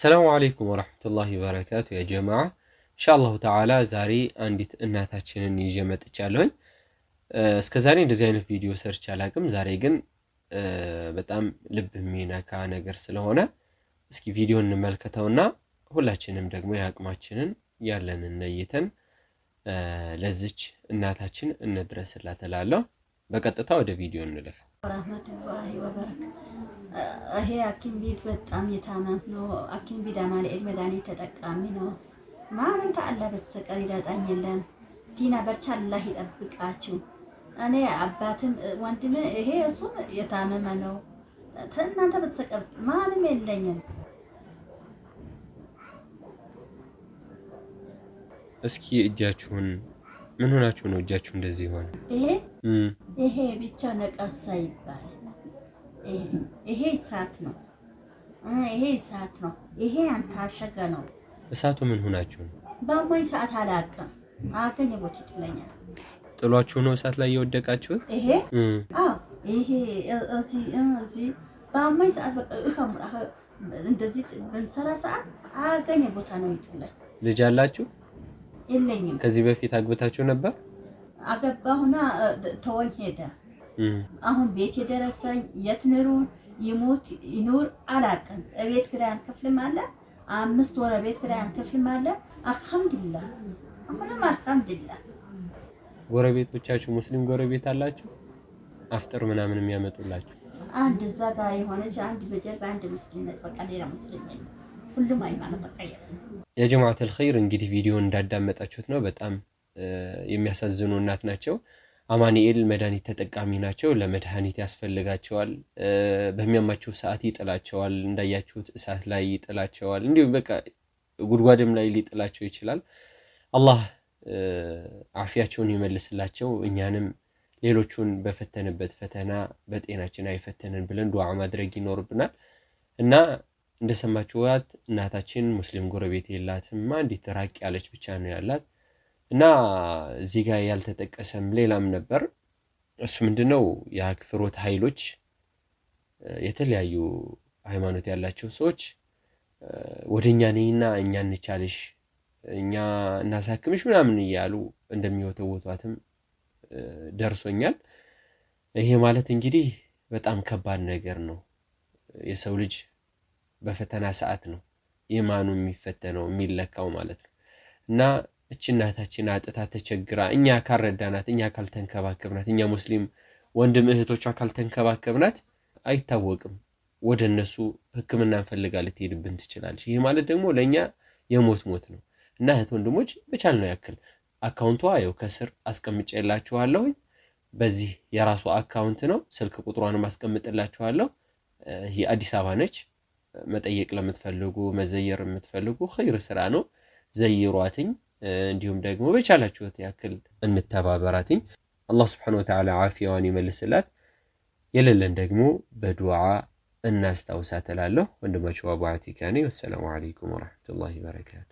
ሰላሙ አሌይኩም ወረህመቱላሂ በረካቱ የጀማ እንሻአላሁ ተዓላ ዛሬ አንዲት እናታችንን ይዤ መጥቻለሁኝ። እስከ ዛሬ እንደዚህ አይነት ቪዲዮ ሰርች አላቅም። ዛሬ ግን በጣም ልብ የሚነካ ነገር ስለሆነ እስኪ ቪዲዮ እንመልከተውና ሁላችንም ደግሞ የአቅማችንን ያለንን ነይተን ለዚች እናታችን እንድረስላት እላለሁ። በቀጥታ ወደ ቪዲዮ እንለፍ። ረህመቱላሂ ወበረክ ይሄ ሐኪም ቤት በጣም የታመም ነው። ሐኪም ቤት አማኑኤል መድኃኒት ተጠቃሚ ነው። ማንም ከአላህ በስተቀር ይዳጣኝ የለም። ዲና በርቻ አላህ ይጠብቃችሁ። እኔ አባትም ወንድም ይሄ እሱም የታመመ ነው። እናንተ በተሰቀር ማንም የለኝም። እስኪ እጃችሁን ምን ሆናችሁ ነው እጃችሁ እንደዚህ የሆነ? ይሄ ይሄ ብቻ ነቀሳ ይባላል። ይሄ እሳት ነው። ይሄ እሳት ነው። ይሄ አንታሸገ ነው። እሳቱ ምን ሆናችሁ ነው? በአሞኝ ሰዓት አላውቅም። አገኝ ቦት ይጥለኛል። ጥሏችሁ ነው እሳት ላይ የወደቃችሁት? ይሄ አዎ፣ ይሄ እዚህ እዚህ ሰዓት እንደዚህ ብንሰራ ሰዓት አገኝ ቦታ ነው ይጥለኝ። ልጅ አላችሁ? የለኝም። ከዚህ በፊት አግብታችሁ ነበር? አገባሁና ተወኝ ሄደ። አሁን ቤት የደረሰኝ የት ኑሩ ይሞት ይኑር አላውቅም። እቤት ክራይም ክፍልም አለ አምስት ወር ቤት ክራይም ክፍልም አለ። አልሐምዱሊላህ አሁንም አልሐምዱሊላህ። ጎረቤቶቻችሁ ሙስሊም ጎረቤት አላችሁ? አፍጥር ምናምን የሚያመጡላችሁ አንድ እዛ ጋር የሆነች አንድ በጀርባ አንድ ሙስሊም፣ በቃ ሌላ ሙስሊም ሁሉም ሃይማኖት ተቀየረ። የጀማዓት አልኸይር እንግዲህ ቪዲዮ እንዳዳመጣችሁት ነው። በጣም የሚያሳዝኑ እናት ናቸው። አማኒኤል መድኃኒት ተጠቃሚ ናቸው። ለመድኃኒት ያስፈልጋቸዋል። በሚያማቸው ሰዓት ይጥላቸዋል። እንዳያችሁት እሳት ላይ ይጥላቸዋል። እንዲሁም በቃ ጉድጓድም ላይ ሊጥላቸው ይችላል። አላህ አፊያቸውን ይመልስላቸው። እኛንም ሌሎቹን በፈተንበት ፈተና በጤናችን አይፈተንን ብለን ዱዓ ማድረግ ይኖርብናል እና እንደሰማችኋት እናታችን ሙስሊም ጎረቤት የላትም። አንዲት ራቅ ያለች ብቻ ነው ያላት እና እዚህ ጋር ያልተጠቀሰም ሌላም ነበር። እሱ ምንድን ነው የአክፍሮት ኃይሎች የተለያዩ ሃይማኖት ያላቸው ሰዎች ወደ እኛ ነይና እኛ እንቻልሽ፣ እኛ እናሳክምሽ ምናምን እያሉ እንደሚወተወቷትም ደርሶኛል። ይሄ ማለት እንግዲህ በጣም ከባድ ነገር ነው የሰው ልጅ በፈተና ሰዓት ነው ኢማኑ የሚፈተነው የሚለካው ማለት ነው። እና እች እናታችን አጥታ ተቸግራ እኛ ካልረዳናት፣ እኛ ካልተንከባከብናት፣ እኛ ሙስሊም ወንድም እህቶቿ ካልተንከባከብናት አይታወቅም ወደ እነሱ ሕክምና እንፈልጋ ልትሄድብን ትችላለች። ይህ ማለት ደግሞ ለእኛ የሞት ሞት ነው እና እህት ወንድሞች በቻል ነው ያክል አካውንቷ ያው ከስር አስቀምጬላችኋለሁ። በዚህ የራሷ አካውንት ነው፣ ስልክ ቁጥሯንም አስቀምጥላችኋለሁ። ይህ አዲስ አበባ ነች። መጠየቅ ለምትፈልጉ መዘየር የምትፈልጉ ኸይር ስራ ነው። ዘይሯትኝ። እንዲሁም ደግሞ በቻላችሁት ያክል እንተባበራትኝ። አላህ ስብሓነሁ ወተዓላ ዓፊያዋን ይመልስላት። የሌለን ደግሞ በዱዓ እናስታውሳት እላለሁ። ወንድማችሁ አቡ ዓቲካ ነኝ። ወሰላሙ ዓለይኩም ወረሕመቱላሂ በረካቱ